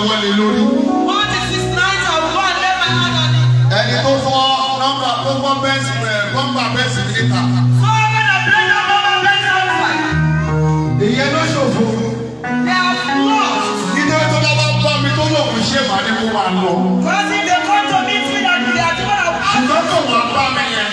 ọwọ́ lé lórí. What is his night of let my hand on it. Ẹni tó fọ́ nọ́mbà tó fọ́ bẹ́ẹ̀sì rẹ̀ nọ́mbà bẹ́ẹ̀sì níta. Fọ́ọ̀mù náà bẹ́ẹ̀ náà nọ́mbà bẹ́ẹ̀sì on fire. Ìyẹn ló ṣòfò. They are lost. Ìdílé tó bá bá bá mi tó lòun ṣe màá ní kó máa lọ. Crossing the court to meet me and the àdúrà. Ṣùgbọ́n kò wá bá mi yẹn.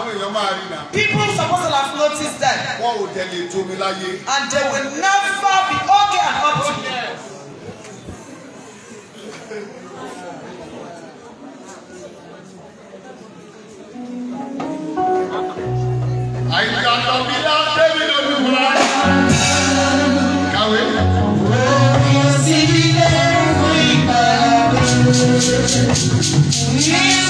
àwọn èèyàn máa rí na. people supposed to have noticed that. wọn ò dẹ̀ tómi láyé. and they will never be okay and up to me. àìkàtọ̀ bí lábẹ́bí lójúmọ́ kàwé. Ní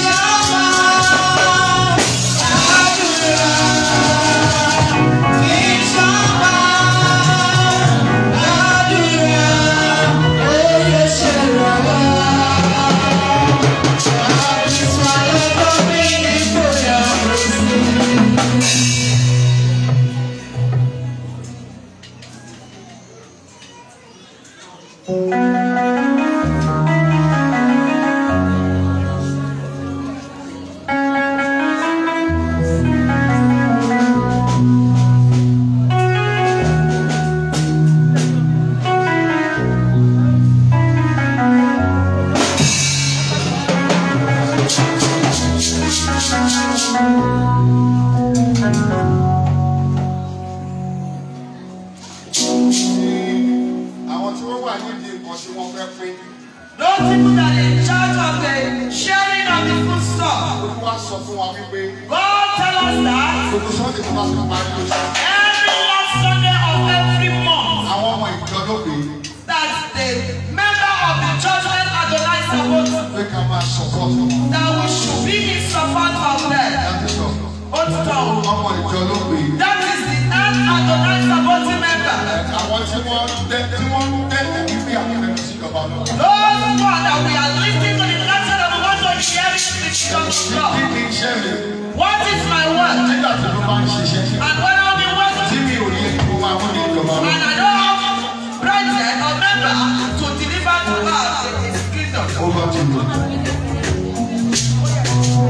that we should be in support of them. o. ọmọ ìjọ ló pè é. that is the end Adonai supporting member. àwọn tí wọ́n dé tí wọ́n dé ẹ̀mí bí àkẹ́kẹ́ sí ìjọba náà. those who are that we are lifting in the land of God to cherish the church of God. kí ni iṣẹ́ what is my word? and when I be working. and I don't have brethren or member to deliver to us in his kingdom.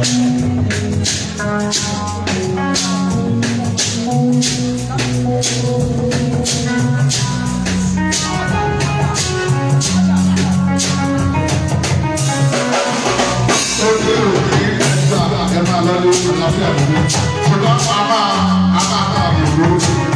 Àlàáfíà lórí. Ṣùgbọ́n a máa a máa ká àbò lórí.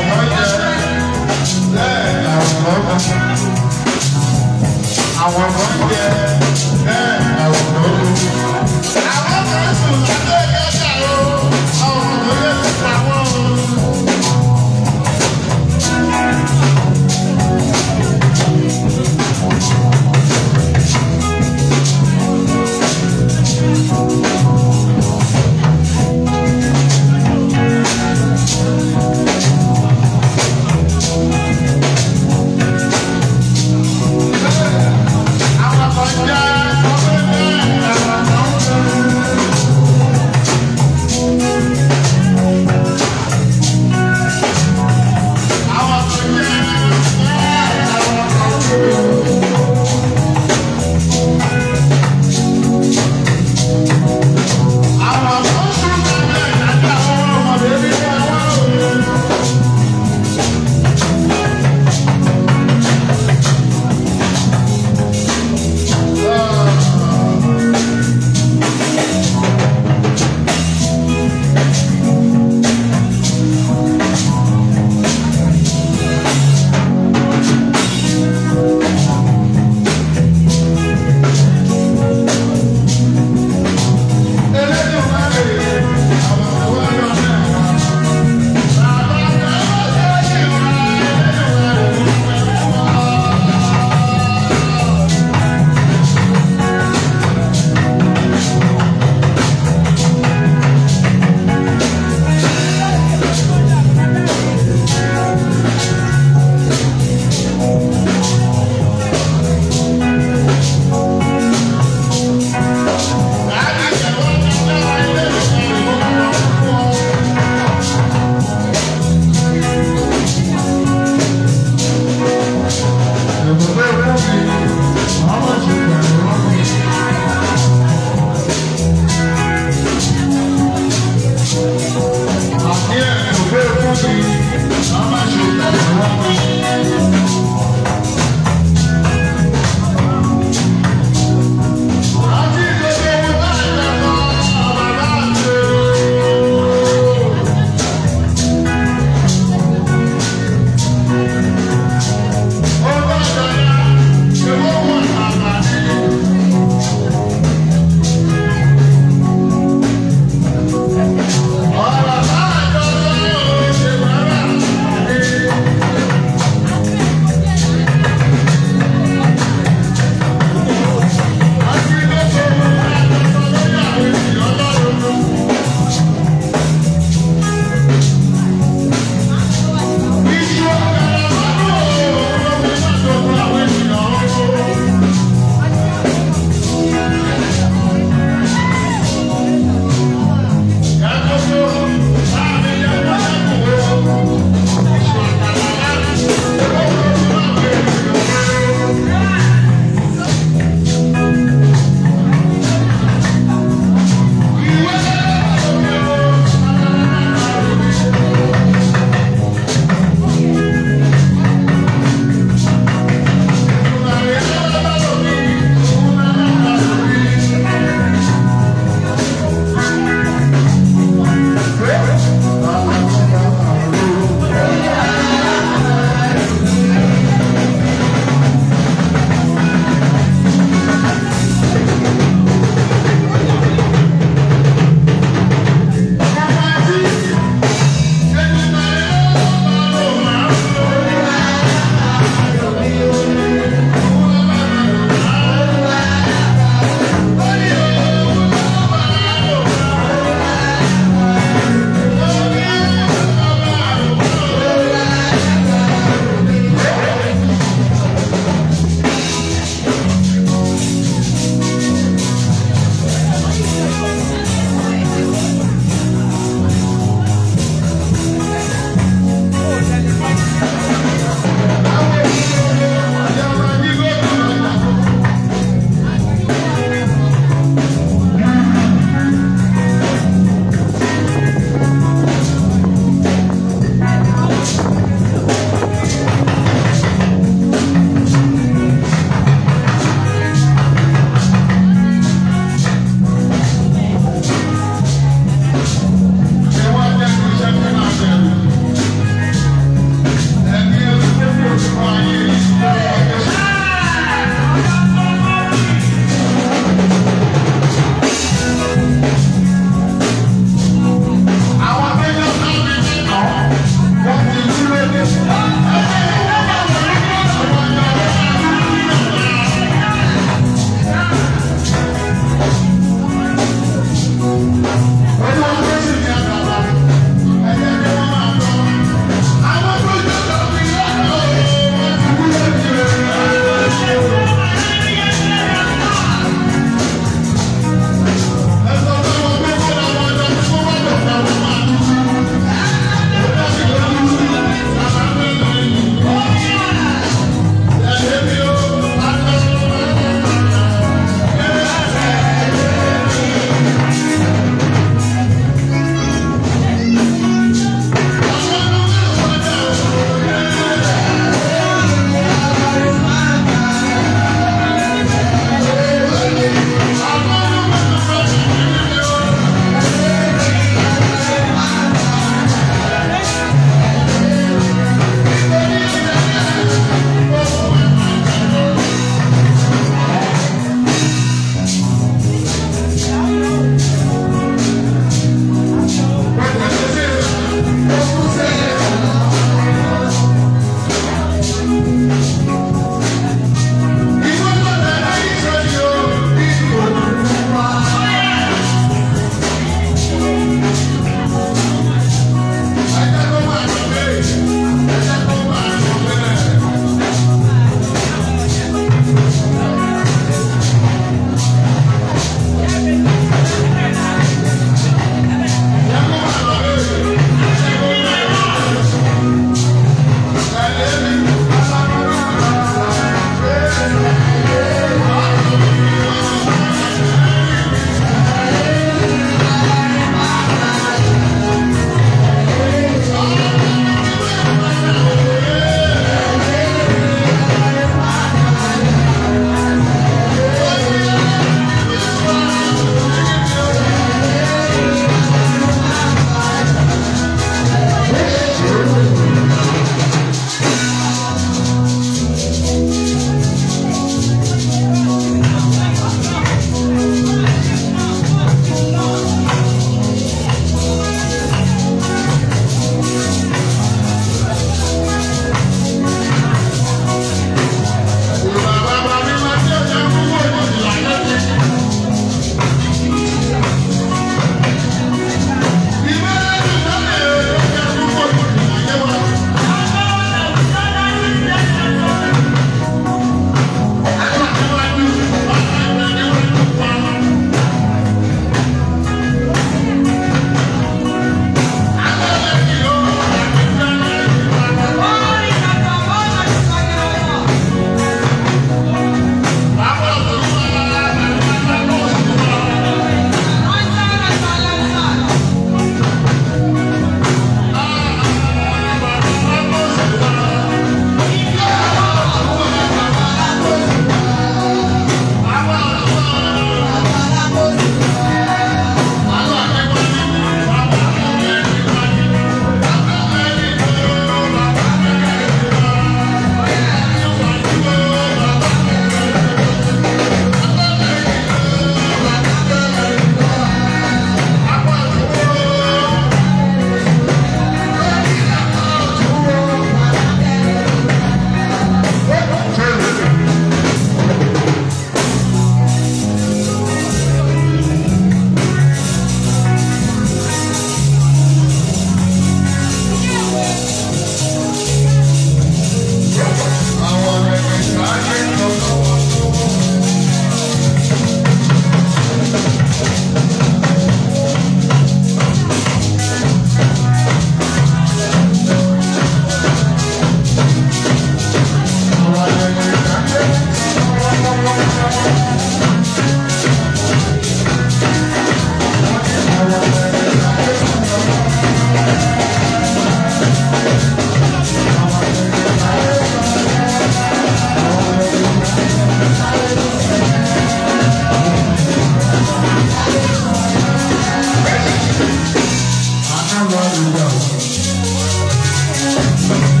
I'm nobody else.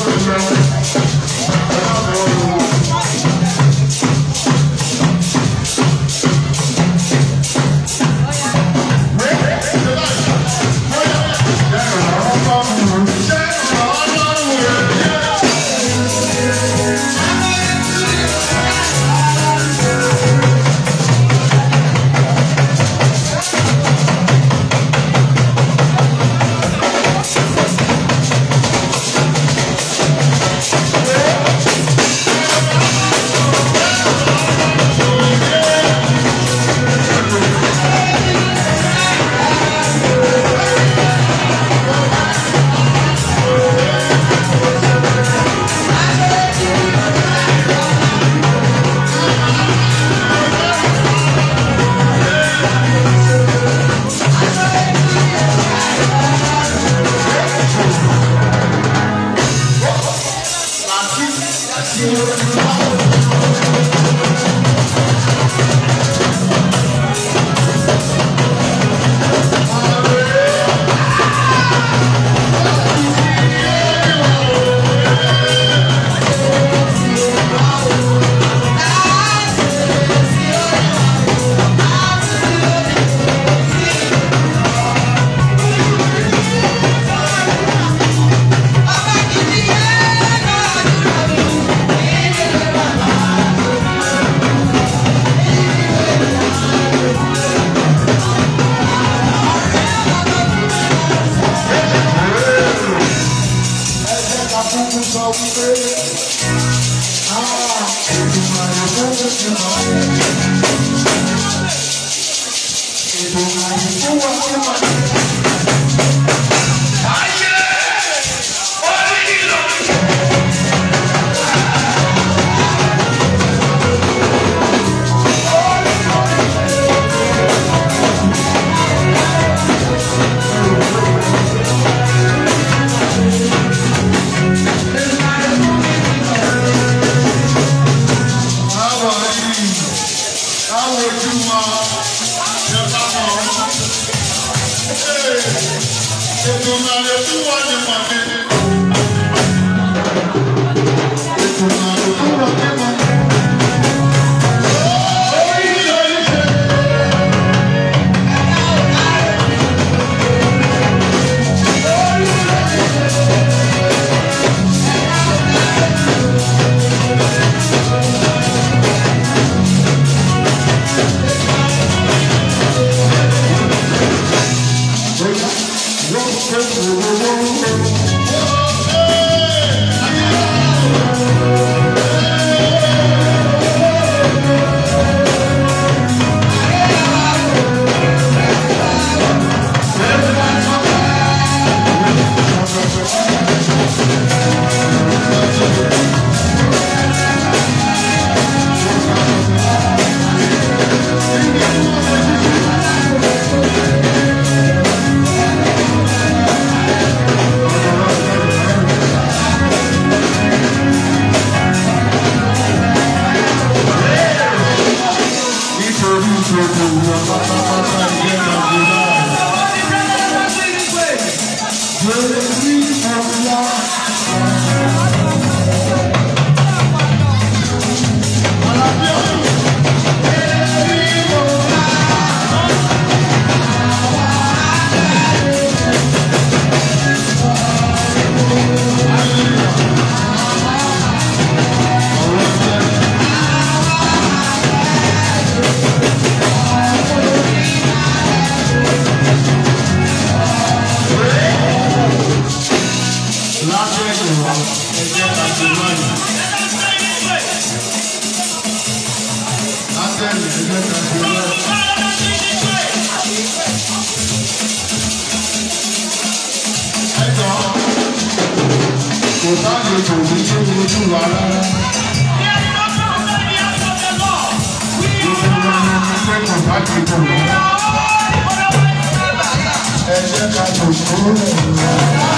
Thank you. Come on, come on. Move Amém.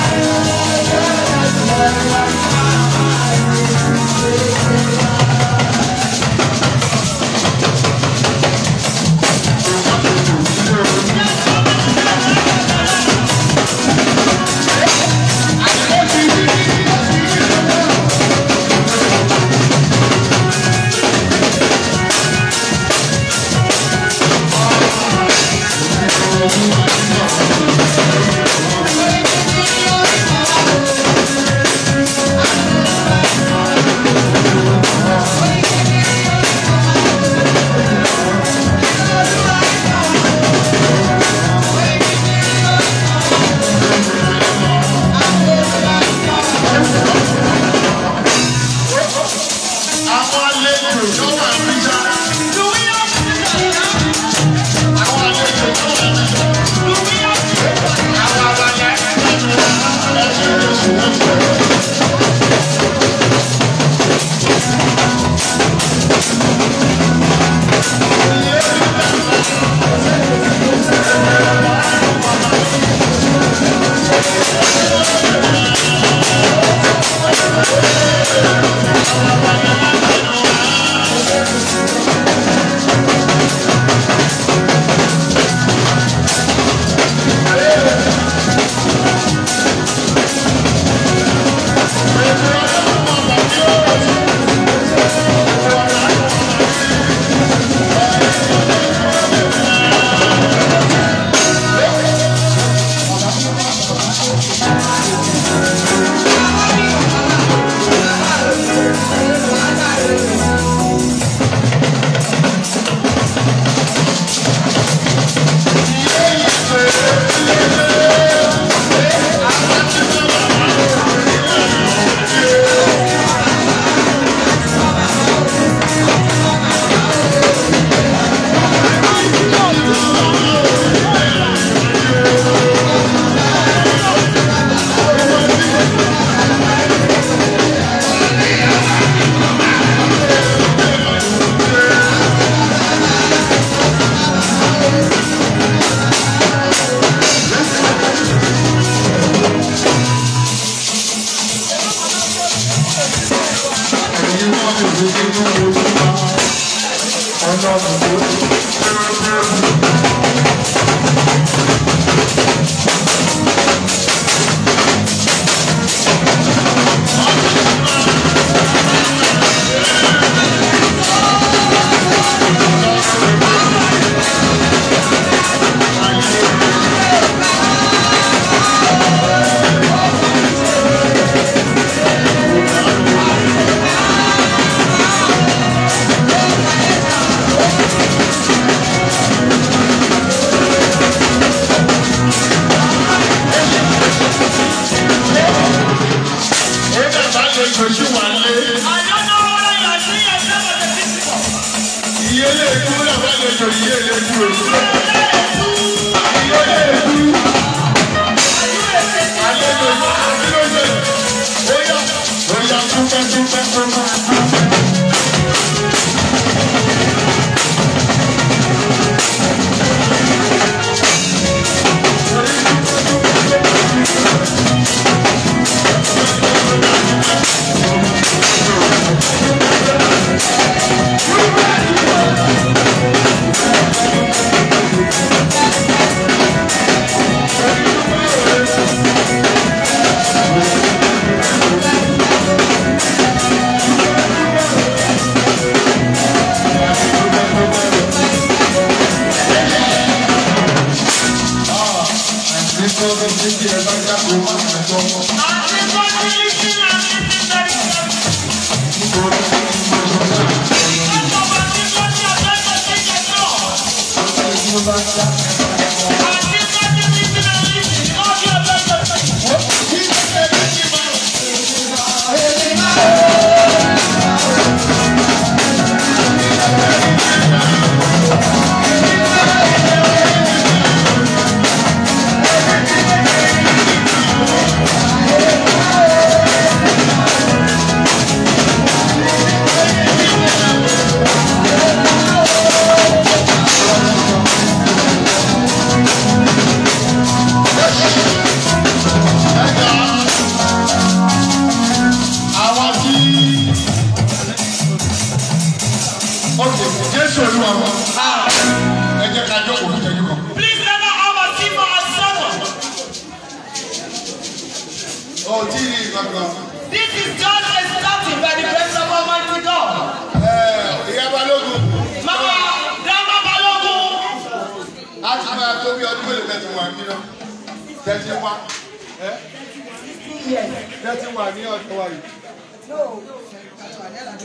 jẹ́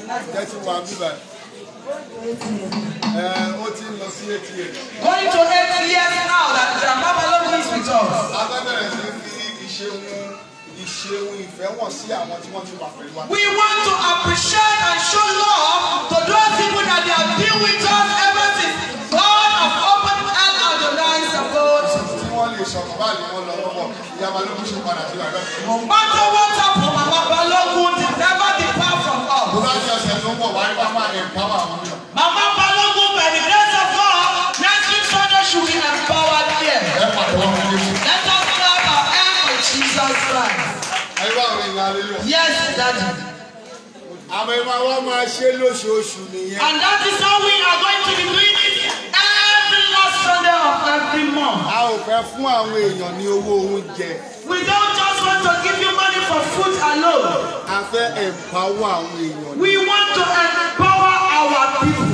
ti wà bíbẹ̀. Ẹ ó ti lọ sí ATM. Going to ATM now that Jamba Balogun is with us. Abẹ́bẹ̀rẹ̀ sí fi ìṣeun ìṣeun ìfẹ́ wọ̀n sí àwọn tí wọ́n ti wà pẹ̀lú wa. We want to appreciate and show love to those people that they have been with us Everything God of open hand and the lines of God. Tí wọ́n lè sọ̀rọ̀ báyìí wọ́n lọ lọ́wọ́, ìyá Balógun ṣe padà sí wa No matter what happen, Mama Balogun did never bọ̀. Bùrọ̀ àti ọ̀sẹ̀ tó ń bọ̀ wáyé Sunday should be empowered here. Let us clap our hands Jesus Christ. Yes, daddy. Àwọn máa ṣe lóṣooṣù nìyẹn. And that is how we are going to be doing it every last Sunday of every month. A ò fẹ́ fún àwọn èèyàn ní owó oúnjẹ. We don't just want to fẹ́ empower àwọn èèyàn. we want to empower our people.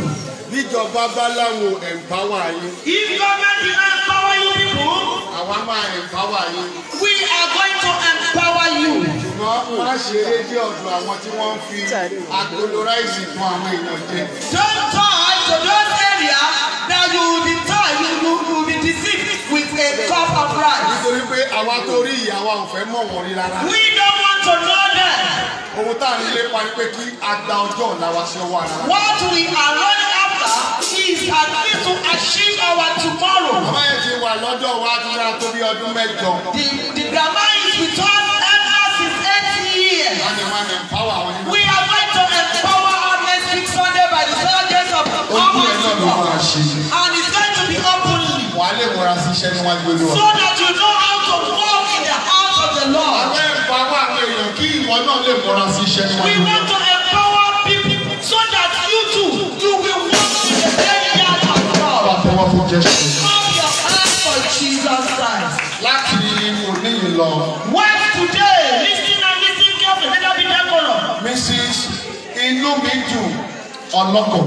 níjọba bá láwọn empower yín. if government dey empower you people. àwa máa empower yín. we are going to empower you. ṣùgbọ́n má ṣe rédíò ọ̀dọ̀ àwọn tí wọ́n ń fi agoloraisi fún àwọn èèyàn jẹ. don't turn to those area that you be turn you you you be deceived with a cup of rice. nítorí pé àwa tó rí ìyàwó àwọn ò fẹ́ mọ̀ wọ́n rí rárá. we don't want to know them. Ohun tá à ń lépa ni pé kí a gba ọjọ́ ọ̀la wa sí ọwọ́ What we are running after is at least to achieve our tomorrow. Bàbá yẹn wà lọ́dọ̀ wa dúró tó bí ọdún mẹ́jọ. The the grandma is with us ever since eight years. Wọ́n ní wọ́n empower wọn. We are going to empower our next week Sunday by the third day of our month. Ojú ẹ̀ náà ló máa ṣe. And it's going to be openly. Wàá lè múra sí iṣẹ́ níwájú olúwa. So that you know how to work in the house the We want to empower people so that you too you will walk in the God. Bàbá your hand for Jesus Christ. Láti òní yìí lọ. Wife today, lis ten and lis ten carefully, let that Mrs. Inú ọlọ́kọ̀.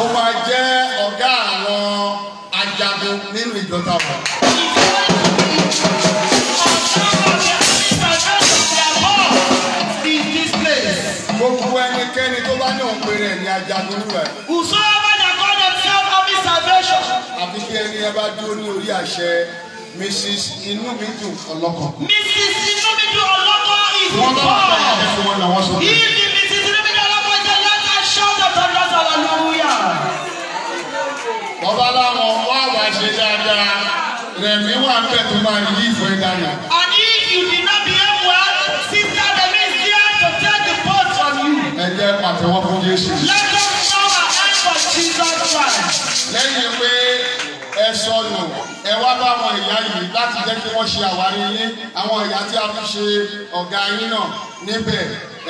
Ó máa jẹ́ ọ̀gá àwọn ajagun nínú ìjọba wa. téèyàn bá dúró ní orí àṣẹ mrs inú mi dùn ọlọ́kọ̀. mrs inú mi dùn ọlọ́kọ̀ ìdúró. wọ́n bá wà láyé ẹ̀fọ́ wọn làwọn sọ. ìdí mrs inú mi dùn ọlọ́kọ̀ jẹ́ lọ́tà ṣọ́ọ̀tà tọ́jú ọ̀sán lọ́lọ́wọ́yà. bọ́bá láwọn wá wàá ṣe dáadáa rẹ̀mí wà ń bẹ̀ tó máa yí ìyá yìí láti jẹ́ kí wọ́n ṣe àwárí yín àwọn ìyá tí a fi ṣe ọ̀gá yín náà níbẹ̀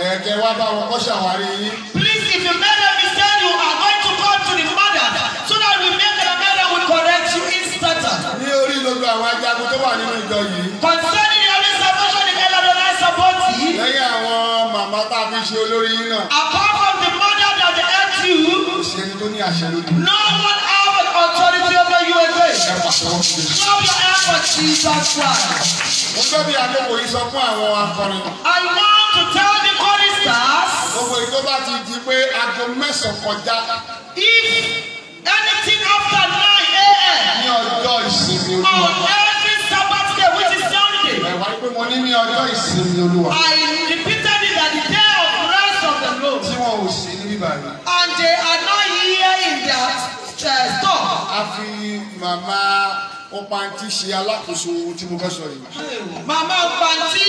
ẹ̀ẹ́dẹ̀ wá bá wọn kọ́ ṣàwárí yín. Please if you made a mistake you are going to come to the mother so that we make the mother will correct you instanta. Ní orí gbogbo àwọn ajagun tó wà nínú ìjọ yìí. Concerning your reservation the elder and I support you. Lẹ́yìn àwọn màmá tá a fi ṣe olórí yín náà. Apart from the mother that helped you. Kò sí ẹni tó ní àṣẹ lójú. No one has authority ewé. your hands Jesus Christ. Mo bí Adéwò yìí sọ fún àwọn akọrin. I want to tell the choristers. Gbogbo ìgbó bá ti di pé aago mẹ́sàn-án kọjá. If anything after nine a.m. Ní ọjọ́ ìsinmi olúwa. On every Sabbath day which is Sunday. Ẹ̀wá pé mo ní ní ọjọ́ ìsinmi olúwa. I repeat. màmá Ọ̀pàntí ṣe alákòóso tí mo fẹ́ sọ yìí. màmá Ọ̀pàntí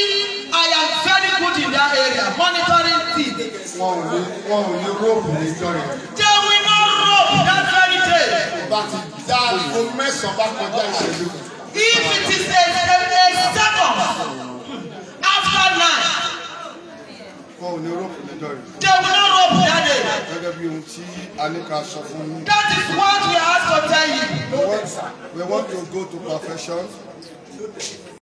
I am very good in that area monitoring things. wọn ò ní wọn ò ní róòpù ní ìjọ yẹn. jẹ́ wí ná róòpù that very day. bá ti dá aago mẹ́sàn-án bá kọjá ìṣẹ́jú. if it is a a, a second after nine. Wọn ò ní yìí. They will not that Gẹ́gẹ́ bí ohun tí a sọ fún yín. That is what we are asked to tell you. We want, to go to profession.